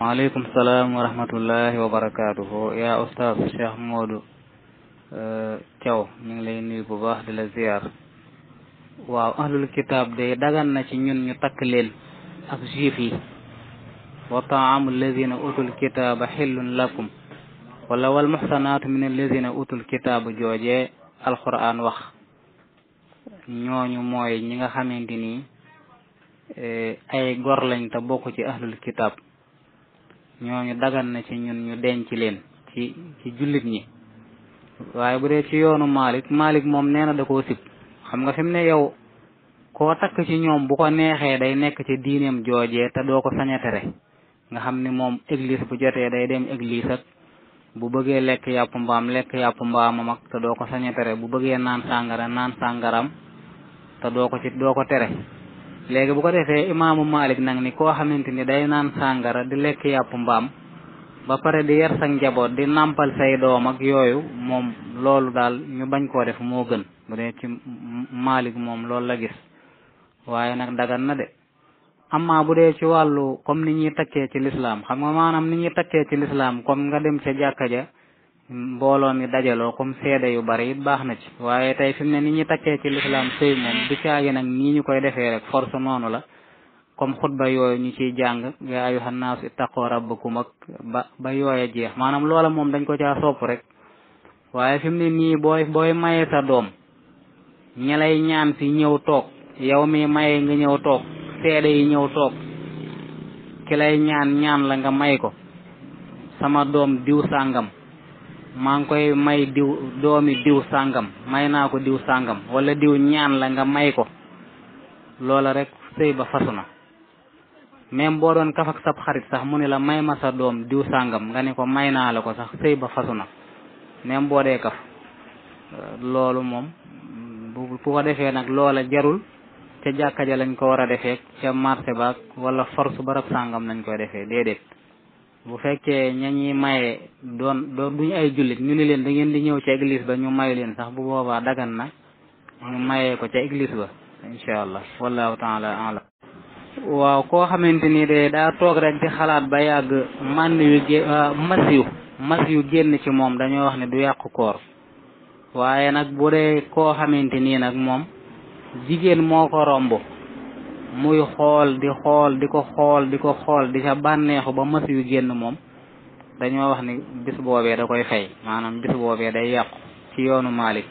waaleykum salaam wa rahmatullahi wa barakaatuhu yaa oustaz Cheikh Modou eh, Thiaw ñu ngi lay nuyu bu baax di la ziar waaw ahlul kitaab day dagan na ci ñun ñu takk leen ak juif yi wa taamu alladina utul kitaaba xillun lakum wala wal muxsanaatu min alladina utul kitaaba joojee alquran wax ñooñu mooy ñi nga xamante ni eh, ay gor lañ te bokk ci ahlul kitaab ñooñu dagan na ci ñun ñu denc leen ci ci jullit ñi waaye bu dee ci yoonu Malik Malik moom nee na da koo xam nga fi ne yow ko takk ci ñoom bu ko neexee day nekk ci diineem joojee te doo ko sañ tere nga xam ni moom église bu jotee day dem église ak bu bëggee lekk yàpp mbaam lekk yàpp mbaamam mag te doo ko sañ tere bu bëggee naan sàngara naan sàngaram te doo ko ci doo ko tere léegi bu ko defee maamu Malik nag ni koo xamante ni day naan sàngara di lekk yàpp mbaam ba pare di yar njaboot di nàmpal say doom ak yooyu moom loolu daal ñu bañ koo def moo gën bu dee ci Malik moom loolu la gis waaye nag dagan na de amma bu dee ci wàllu comme ni ñuy takkee ci lislaam xam nga maanaam ni ñuy takkee ci lislaam comme nga dem ca jàkka ja mbooloo mi dajaloo kom seede yu bari it baax na ci waaye tey fi mu ne ni ñu takkee ci lislaam sëy moom du caagi nag nii ñu koy defee rek force noonu la comme ba yooyu ñu ciy jàng yaa ayyuhan naas ittaqoo rabbakum ak ba ba yooya jeex maanaam loola moom dañ ko caa sopp rek waaye fim mu ne nii booy booy maye sa doom ñi lay ñaan si ñëw toog yow mi maye nga ñëw toog seede yi ñëw toog ki lay ñaan ñaan la nga may ko sama doom diw sàngam maa ngi koy may diw doomi diw sàngam may naa ko diw sàngam wala diw ñaan la nga may ko loola rek sëy ba fasu na même boo doon kaf ak sab xarit sax mu ne la may ma sa doom diw sàngam nga ne ko may naa la ko sax sëy ba fasu na même boo dee kaf loolu moom bu ko defee nag loola jarul ca jàkka ja lañ ko war a defee ca marché baak wala force barab sàngam lañ koy defee déedéet bu fekkee ña ñuy maye doon doon duñu ay jullit ñu ni leen da ngeen di ñëw ca église ba ñu mayu leen sax bu boobaa dagan na ñu mayee ko ca église ba incha allah wallahu taala alam waaw koo xamante ni de daa toog rek di xalaat ba yàgg mànd yu gé ah, mas yu génn ci moom dañoo wax ne du yàqu koor waaye nag bu dee koo xamante nii nag moom jigéen moo ko romb muy xool di xool di ko xool di ko xool di ca bànneexu ba mës yu génn moom dañoo wax ni bis boobee da koy fay maanaam bis boobee day yàqu ci yoonu Maalik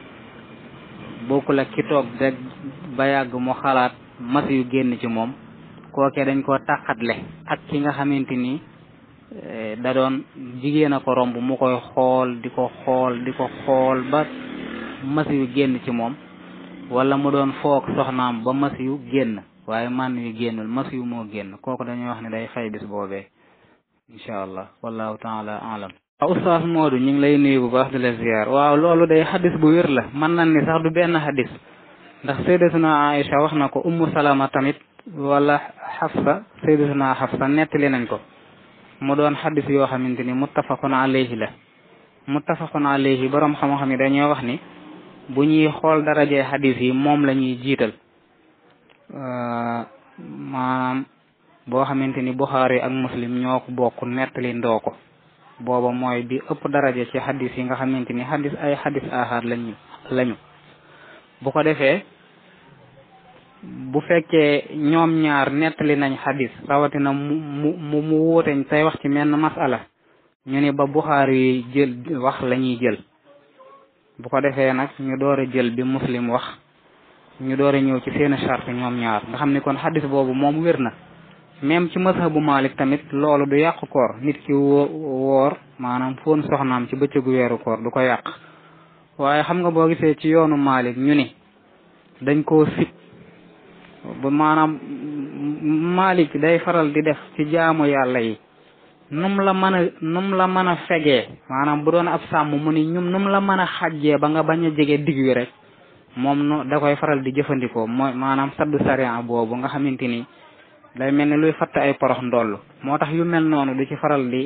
bokkul ak ki toog rek ba yàgg mu xalaat mas yu génn ci moom kooke dañ koo tàqatle ak ki nga xamante ni eh, da doon jigéen a ko mu koy xool di ko xool di ko xool ba yu génn ci moom wala mu doon foog soxnaam ba mas yu génn waaye man yu génnul masiw moo génn kooku dañuy wax ne day xëy bis boobee incha allah wallahu taala alam waaw ustaas Modou ñu ngi lay nuy bu baax di la ziar waaw loolu day xadis bu wér la man nañ ni sax du benn xadis ndax sayyidatuna Aïcha wax na ko ummu salama tamit wala xafsa sayyidatuna xafsa nettali nañ ko mu doon xadis yoo xamante ni muttafaqun alayhi la muttafaqun alayhi borom xam-xam yi dañoo wax ni bu ñuy xool darajee xadis yi moom la ñuy jiital Uh, maanaam boo xamante ni Buxaari ak Muslim ñoo ko bokk nettali ndoo booba mooy bi ëpp dara daraja ci xadis yi nga xamante ni xadis ay xadis ahad lañu lañu bu ko defee bu fekkee ñoom ñaar nettali nañ xadis rawatina mu mu mu tey wax ci menn masala ñu ni ba Buxaari jël wax lañuy jël bu ko defee nag ñu door a jël bi Muslim wax ñu doore ñëw ci seen charte ñoom ñaar nga xam ni kon xaddis boobu moom wér na même ci mazhabu maalik tamit loolu du yàq koor nit ki woor maanaam foon soxnaam ci bëccëgu weeru koor du ko yàq waaye xam nga boo gisee ci yoonu Malik ñu ni dañ koo sit ba maanaam Malik day faral di def ci jaamu yàlla yi num la mën a num la mën a fegee maanaam bu doon ab sàmm mu ni ñum num la mën a xàjjee ba nga bañ a jege digg wi rek moom no da koy faral di jëfandikoo moo maanaam saddu sariya boobu nga xamante ni day mel ni luy fatt ay porox ndoll moo tax yu mel noonu du ci faral di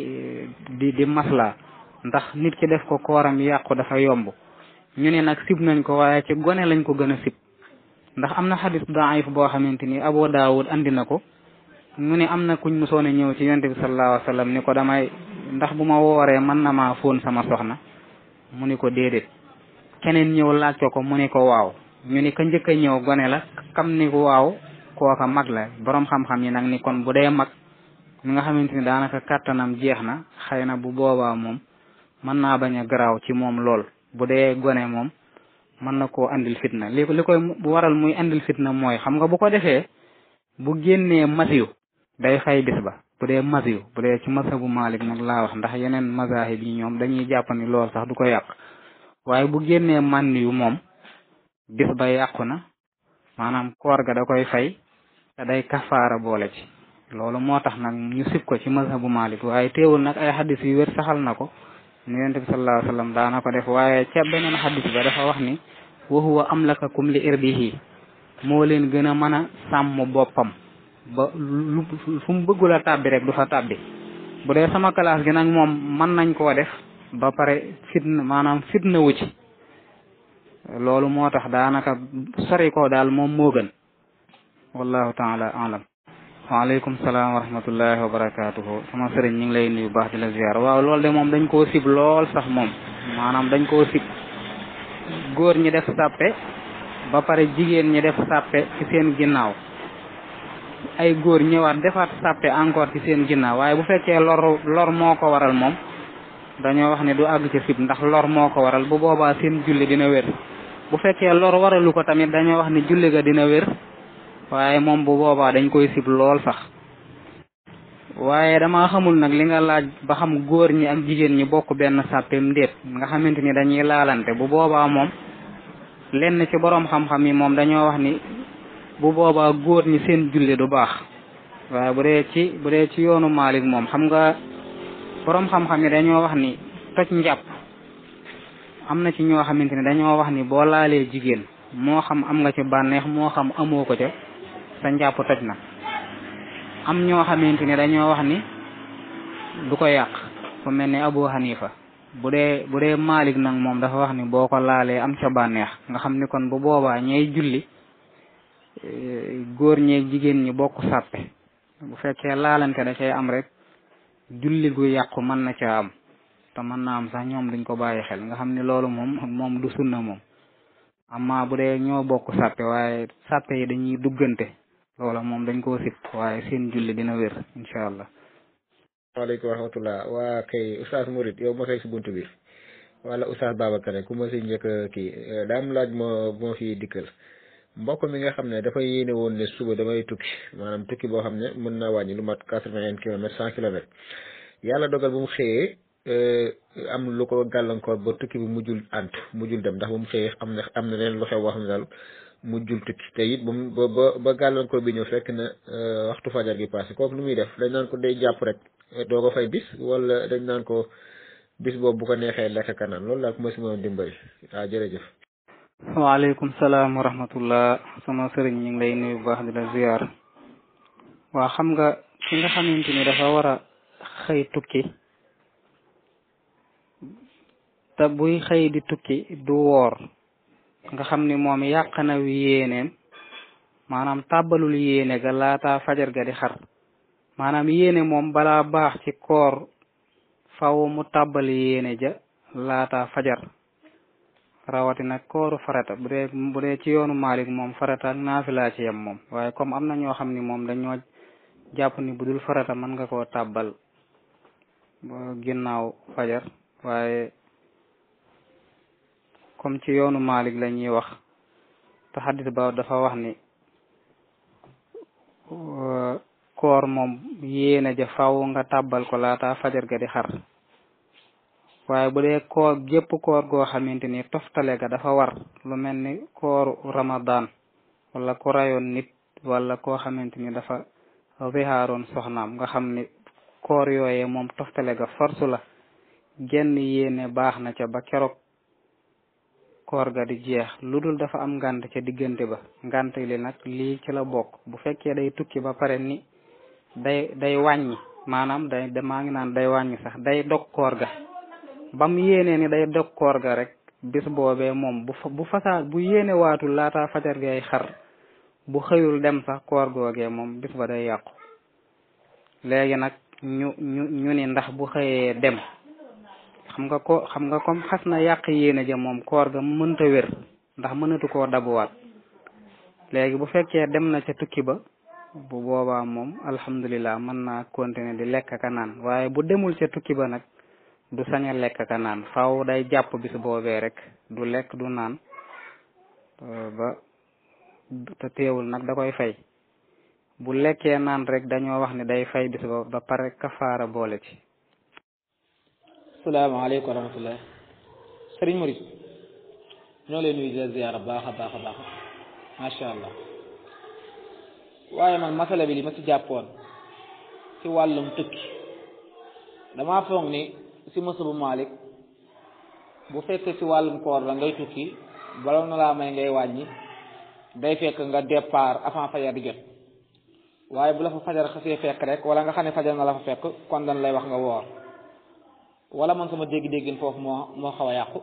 di di masla ndax nit ki def ko kooram yàqu dafa yomb ñu ne nag sib nañ ko waaye ci gone lañ ko gën a sib ndax am na xadis daif boo xamante ni Abu Daawud andi na ko ñu ne am na kuñ musoon a ñëw ci yonte bi sallallahu alayhi ni ko damay ndax bu ma wooree mën na ma fóon sama soxna mu ni ko déedéet keneen ñëw laaj ko ko mu ne ko waaw ñu ni ka njëkk a ñëw gone la kam ni ko waaw kooka mag la boroom xam-xam yi nag ni kon bu dee mag mi nga xamante ni daanaka kàttanam jeex na xëy na bu boobaa moom mën naa bañ a garaaw ci moom lool bu dee gone moom mën na koo andil fitna li li koy waral muy andil fitna mooy xam nga bu ko defee bu génne génnee masiyu day xay bis ba bu dee masiyu bu dee ci masabu Malik nag laa wax ndax yeneen mazahib yi ñoom dañuy jàpp ni lool du ko yàq waaye bu génnee mànd yu moom bis ba yàqu na maanaam koor ga da koy fay te day kafaara boole ci loolu moo tax nag ñu sib ko ci mazhabu Malik waaye teewul nag ay xadis yu wér saxal na ko nu yonent bi sallallahu alayhi wasallam daana ko def waaye ca beneen xadis ba dafa wax ni wa huwa amlakakum li irbihi moo leen gën a mën a sàmm boppam ba lu mu bëggul a tàbbi rek du fa tàbbi bu dee sama classe gi nag moom mën nañ ko def ba pare fitna maanaam fitna wu ci loolu moo tax daanaka sori ko daal moom moo gën wallahu taala alam waaleykum salaam wa rahmatullahi wa barakaatuhu sama sëriñ ñu ngi lay nuyu baax di la ziar waaw loolu de moom dañ koo sib lool sax moom maanaam dañ koo sib góor ñi def sàppe ba pare jigéen ñi def sàppe ci seen ginnaaw ay góor ñëwaat defaat sàppe encore ci seen ginnaaw waaye bu fekkee lor moo ko waral moom dañoo wax ne du àgg ci sib ndax lor moo ko waral bu boobaa seen julli dina wér bu fekkee lor waralu ko tamit dañoo wax ne julli ga dina wér waaye moom bu boobaa dañ koy sib lool sax waaye dama xamul nag li nga laaj ba xam góor ñi ak jigéen ñi bokk benn sàppeem déet nga xamante ni dañuy laalante bu boobaa moom lenn ci boroom xam-xam yi moom dañoo wax ni bu boobaa góor ñi seen julli du baax waaye bu dee ci bu dee ci yoonu Maalik moom xam nga boroom xam-xam yi dañoo wax ni toj njàpp am na ci ñoo xamante ne dañoo wax ni boo laalee jigéen moo xam am nga ci bànneex moo xam amoo ko ca sa njàpp toj na am ñoo xamante ni dañoo wax ni du ko yàq fu mel ne Abu Hanifa bu dee bu dee Malik nag moom dafa wax ni boo ko laalee am ca bànneex nga xam ni kon bu boobaa ñay julli eh, góor ñeeg jigéen ñi bokk sàppe bu fekkee laalante da cay am rek julli gu yàqu man na caa am te man na am sax ñoom dañ ko bàyyi xel nga xam ne loolu moom moom du na moom amma bu dee ñoo bokk sàppe waaye sàppe yi dañuy duggante loola moom dañ ko sip waaye seen julli dina wér incha allah waaleykum wa rahmatullah waa kay oustaz Murid si bunt bi wala oustaz Babacar ku ma si njëkk kii eh, daa laaj moo moo fi dikkal mbokk mi nga xam ne dafa yéene woon ne suba damay tukki maanaam tukki boo xam ne mën naa wàññi lu mat quatre-vingts kilomètres cent kilomètres yàlla dogal bu mu xëyee euh, am lu ko gàllankoor ba tukki bi mujjul ànd mujjul dem ndax bu mu xëyee am na am na leen lu xew boo xam ne mu mujjul tukki te it ba mu ba ba gàllankoor bi ñëw fekk na euh, waxtu fajar gi passé kooku lu muy def dañ naan ko day jàpp rek doo ko fay bis wala dañ naan ko bis boobu bu ko neexee lekk kanaan loolu laa ko ma si mën a dimbali waaw jërëjëf. waaleykum salaam wa rahmatullah sama sëriñ ñu ngi lay nuyu bu baax di la ziar waa xam nga ki nga xamante ni dafa war a xëy tukki te buy xëy di tukki du woor nga xam ni moom yàq na wi yéeneem maanaam tàbbalul yéene ga laataa fajar ga di xar maanaam yéene moom balaa baax ci koor faw mu tàbbal yéene ja laataa fajar rawatina kooru farata bu dee ci yoonu Malik moom farata ak naafila ci yem moom waaye comme am na ñoo xam ni moom dañoo jàpp ni budul farata mën nga koo tàbbal ginnaaw fajar waaye comme ci yoonu Malik la ñuy wax te xaddis ba dafa wax ni koor moom yéene ja faw nga tàbbal ko laata fajar ga di xar waaye bu dee koor gépp koor goo xamante ni toftale ga dafa war lu mel ni kooru ramadan wala ko rayoon nit wala koo xamante ni dafa zihaaroon soxnaam nga xam ni koor yooyee moom toftale ga force la genn yéene baax na ca ba keroog koor ga di jeex lu dul dafa am ngànt ca diggante ba ngànt li nag li ci la bokk bu fekkee day tukki ba pare ni day day wàññi maanaam day maa ngi naan day wàññi sax day dog koor ga ba mu yéenee ni day dog koor ga rek bis boobee moom bu bu fasaa bu yéene waatul laataa fajar gay bu xëyul dem sax koor googee moom bis ba day yàqu léegi nag ñu ñu ndax bu xëyee dem xam nga ko xam nga comme xas na yàq yéene ja moom koor ga mënta wér ndax mënatu koo dabuwaat léegi bu fekkee dem na ca tukki ba bu boobaa moom alhamdulilah mën naa continuer di lekk ka naan waaye bu demul ca tukki ba du sañ a lekk ka naan faw day jàpp bis boobee rek du lekk du naan euh, ba te teewul nag da koy fay bu lekkee naan rek dañoo wax ne day fay bis ba ba pare kafaara boole ci salaamaaleykum wa rahmatullah sëriñ Mori ñoo leen baax a baax a baax macha waaye man masala bi ma ci jàppoon ci wàllum tukki damaa foog ni si masabu Malik bu fekkee ci wàllum koor la ngay tukki baloon na laa may ngay wàññi day fekk nga départ avant fajar di jot waaye bu la fa fajar xasee fekk rek wala nga xam ne fajar na la fa fekk kon dañ lay wax nga woor wala man sama dégg-déggin foofu moo moo xaw a yàqu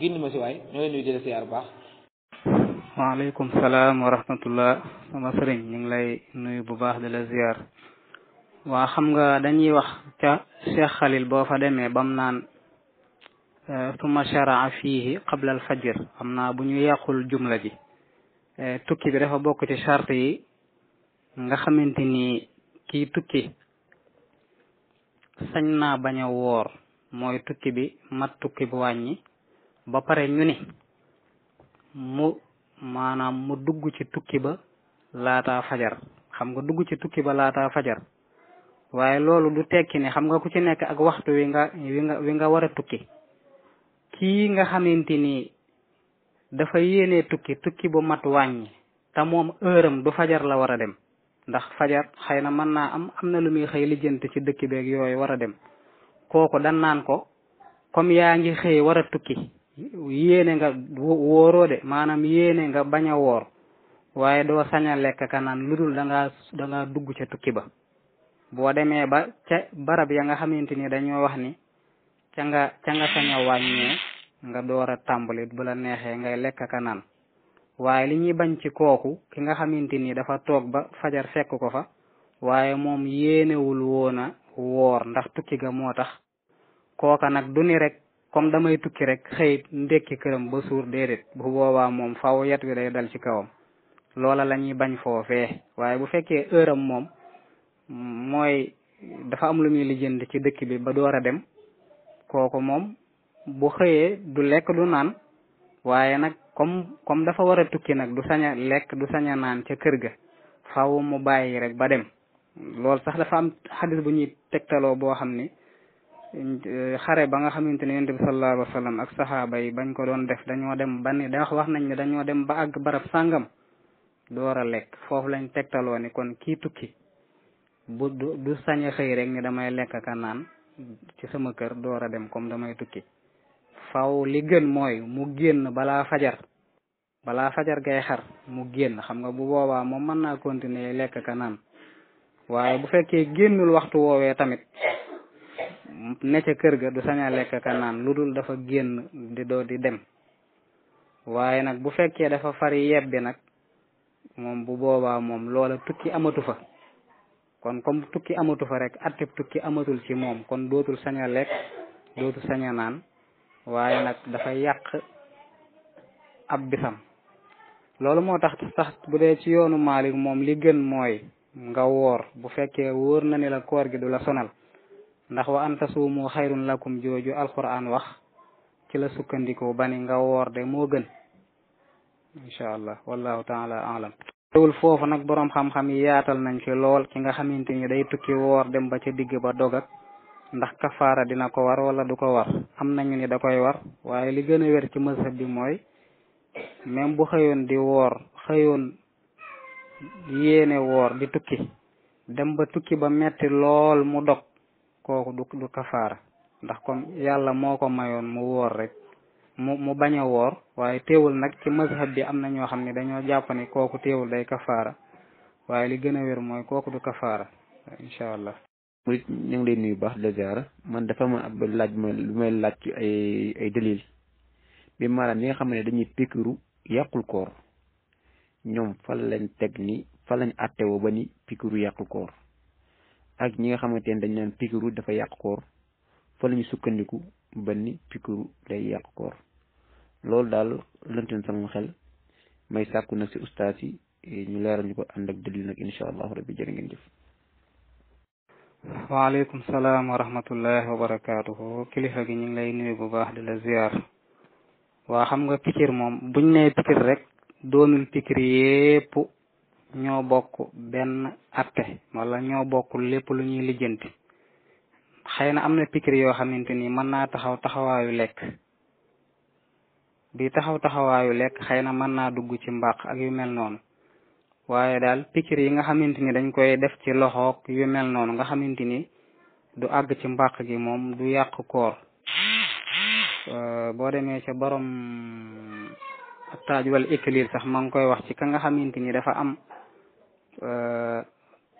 gindi ma si waay ñoo leen nuyu jële siyaar bu baax waaleykum salaam wa sama sëriñ ñu ngi lay nuyu bu baax di la ziar waa xam nga dañuy wax ca Cheikh Khalil boo fa demee bam naan euh, summa sharaa fiihi qabla al fajr xam naa bu ñu yàqul jumla ji euh, tukki bi dafa bokk ci charte yi nga xamante ni kii tukki sañ naa bañ a woor mooy tukki bi mat tukki bu wàññi ba pare ñu ni mu maanaam mu dugg ci tukki ba laata fajar xam nga dugg ci tukki ba laataa fajar waaye loolu du tekki ne xam nga ku ci nekk ak waxtu wi nga wi nga wi nga war a tukki kii nga xamante ni dafa yéenee tukki tukki bu mat wàññi ta moom heuram du fajar la war a dem ndax fajar xëy na mën naa am am na lu muy xëy lijjant ci dëkk beeg yooy war a dem kooku dan naan ko comme yaa ngi xëy war a tukki yéene nga wóoroo de maanaam yéene nga bañ a woor waaye doo sañ a lekk ka naan lu dul da dugg ca tukki ba boo demee ba ca barab ya nga xamante ni dañoo wax ni ca nga ca nga sañ a nga door a tàmbali bu la neexee ngay lekk ka naan waaye li ñuy bañ ci kooku ki nga xamante ni dafa toog ba fajar fekk ko fa waaye moom yéenewul woon a woor ndax tukki ga moo tax kooka nag du ni rek comme damay tukki rek xëy ndekki këram ba suur déedéet bu boobaa moom faw yet wi day dal ci kawam loola la bañ foofee waaye bu fekkee heure am mooy dafa am lu muy lijjanti ci dëkk bi ba door a dem kooku moom bu xëyee du lekk du naan waaye nag comme comme dafa war a tukki nag du sañ a lekk du sañ a naan ca kër ga faaw mu bàyyi rek ba dem loolu sax dafa am xadis bu ñuy tegtaloo boo xam ni xare ba nga xamante ni yonent bi sallallahu alayhi wa sallam ak saxaaba yi bañ ko doon def dañoo dem ba ni dax wax nañ ne dañoo dem ba àgg barab sàngam door a lekk foofu lañ tegtaloo ni kon kii tukki bu du du sañ a xëy rek ni damay lekk ka naan ci sama kër door a dem comme damay tukki faw li gën mooy mu génn balaa fajar balaa fajar gay xar mu génn xam nga bu boobaa moom mën naa continuer lekk ka naan waaye bu fekkee génnul waxtu woowee tamit ne kër ga du sañ lekk ka naan lu dul dafa génn di doo di dem waaye nag bu fekkee dafa fari yebbi nag moom bu boobaa moom loola tukki amatu fa kon comme tukki amatu fa rek atteb tukki amatul ci moom kon dootul sañ lekk dootul sañ naan waaye nag dafay yàq ab bisam loolu moo tax sax bu dee ci yoonu Maalik moom li gën mooy nga woor bu fekkee wóor na ne la koor gi du la sonal ndax wa an tasuumu xayrun lakum jooju alquran wax ci la sukkandiku ba ni nga woor de moo gën incha allah wallahu taala alam teewul foofu nag boroom xam-xam yi yaatal nañ ci lool ki nga xamante ni day tukki woor dem ba ca digg ba dog ndax kafaara dina ko war wala du ko war am nañu ni da koy war waaye li gën a wér ci mësab bi mooy même bu xëyoon di woor xëyoon yéene woor di tukki dem ba tukki ba metti lool mu dog kooku du du kafaara ndax comme yàlla moo ko mayoon mu woor rek mu mu bañ a woor waaye teewul nag ci mazhab bi am na ñoo xam ne dañoo jàpp kooku teewul day kafaara waaye li gën a wér mooy kooku du kafaara incha allah. ñu ngi lay nuyu baax di la man dafa ma ab laaj ma lu may laaj ci ay ay dalil bi maanaam ñi nga xam ne dañuy pikiru yàqul koor ñoom fan lañ teg ni fan lañ àttewoo ba ni pikiru yàqul koor ak ñi nga xamante ne dañ naan pikiru dafa yàq koor fa lañu sukkandiku ba ni pikiru day yàq koor loolu daal lëntin sama xel may sàkku nag si ustaas ñu leeral ñu ko ànd ak allahu rabbi jërë ngeen wa kilifa gi ñu ngi lay nuyu bu baax di la waa xam nga pikir moom buñ nee pikir rek doomil pikir yépp ñoo bokk benn atte wala ñoo bokk lépp lu ñuy lijjanti xëy na am na pikir yoo xamante ni mën naa taxaw taxawaayu lekk di taxaw taxawaayu lekk xëy na mën naa dugg ci mbaq ak yu mel noonu waaye daal pikir yi nga xamante ni dañ koy def ci loxoog yu mel noonu nga xamante ni du àgg ci mbaq gi moom du yàq koor euh, boo demee ca borom taaj wal ikliil sax ma ngi koy wax ci ka nga xamante ni dafa am euh,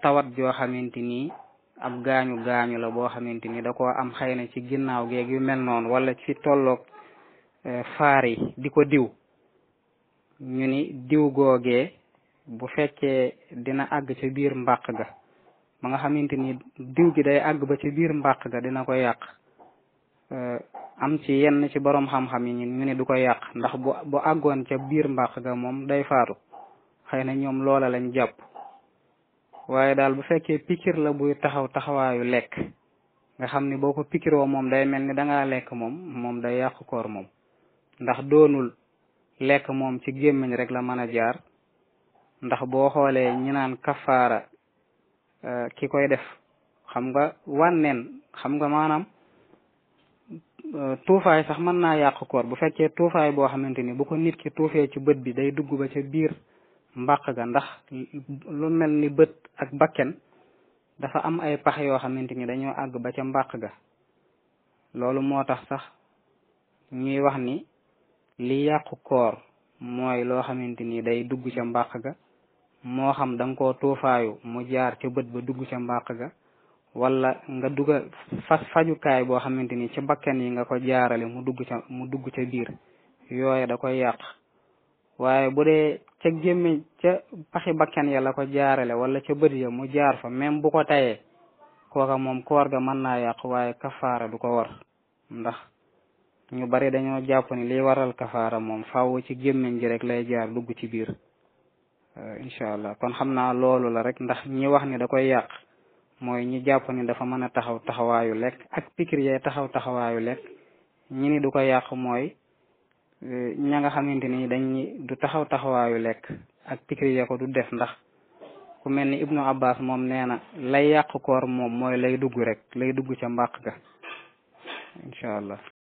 tawat joo xamante ni ab gaañu gaañu la boo xamante ni da koo am xëy na ci ginnaaw geeg yu mel noonu wala ci tolloog Eh, faar yi di ko diw ñu ni diw googee bu fekkee dina àgg ca biir mbaq ga ba nga xamante ni diw gi day àgg ba ci biir mbàq ga dina ko yàq eh, am ci yenn ci borom xam-xam yi ñu ni du ko yàq ndax bu bu àggoon ca biir mbàq ga moom day faatu xëy na ñoom loola lañ jàpp waaye daal bu fekkee pikir la buy taxaw taxawaayu lekk nga xam ni boo ko pikiroo moom day mel ni dangaa lekk moom moom day yàq koor moom ndax doonul lekk moom ci gémmiñ rek la mën a jaar ndax boo xoolee ñi naan kafaara euh, ki koy def xam nga wànneen xam nga maanaam euh, tuufaay sax mën naa yàq koor bu fekkee tuufaay boo xamante ni bu ko nit ki tuufee ci bët bi day dugg ba ca biir mbàq ga ndax lu mel ni bët ak bakken dafa am ay pax yoo xamante ni dañoo àgg ba ca mbàq ga loolu moo tax sax ñuy wax ni li yàqu koor mooy loo xamante ni day dugg ca mbàq ga moo xam da nga koo tuufaayu mu jaar ca bët ba dugg ca mbàq ga wala nga duga fas fajukaay boo xamante ni ci bakkan yi nga ko jaarale mu dugg ca mu dugg ca biir yooye da koy yàq waaye bu dee ca gémmiñ ca paxi bakkan ya la ko jaarale wala ca bët ya mu jaar fa même bu ko tayee kooka moom koor ga mën naa yàq waaye kafaara du ko war ndax ñu bari dañoo jàpp ni waral kafaara moom faaw ci gémmiñ gi rek lay jaar dugg ci biir euh, incha allah kon xam naa loolu la rek ndax ñi wax ni da koy yàq mooy ñi jàpp ni dafa mën a taxaw taxawaayu lekk ak pikir yee taxaw lekk ñi ni du ko yàq mooy euh, ña nga xamante ni dañuy du taxaw taxawaayu lekk ak pikir du def ndax ku mel ni ibnu abbas moom nee na lay yàq koor moom mooy lay dugg rek lay dugg ca mbàq ga incha allah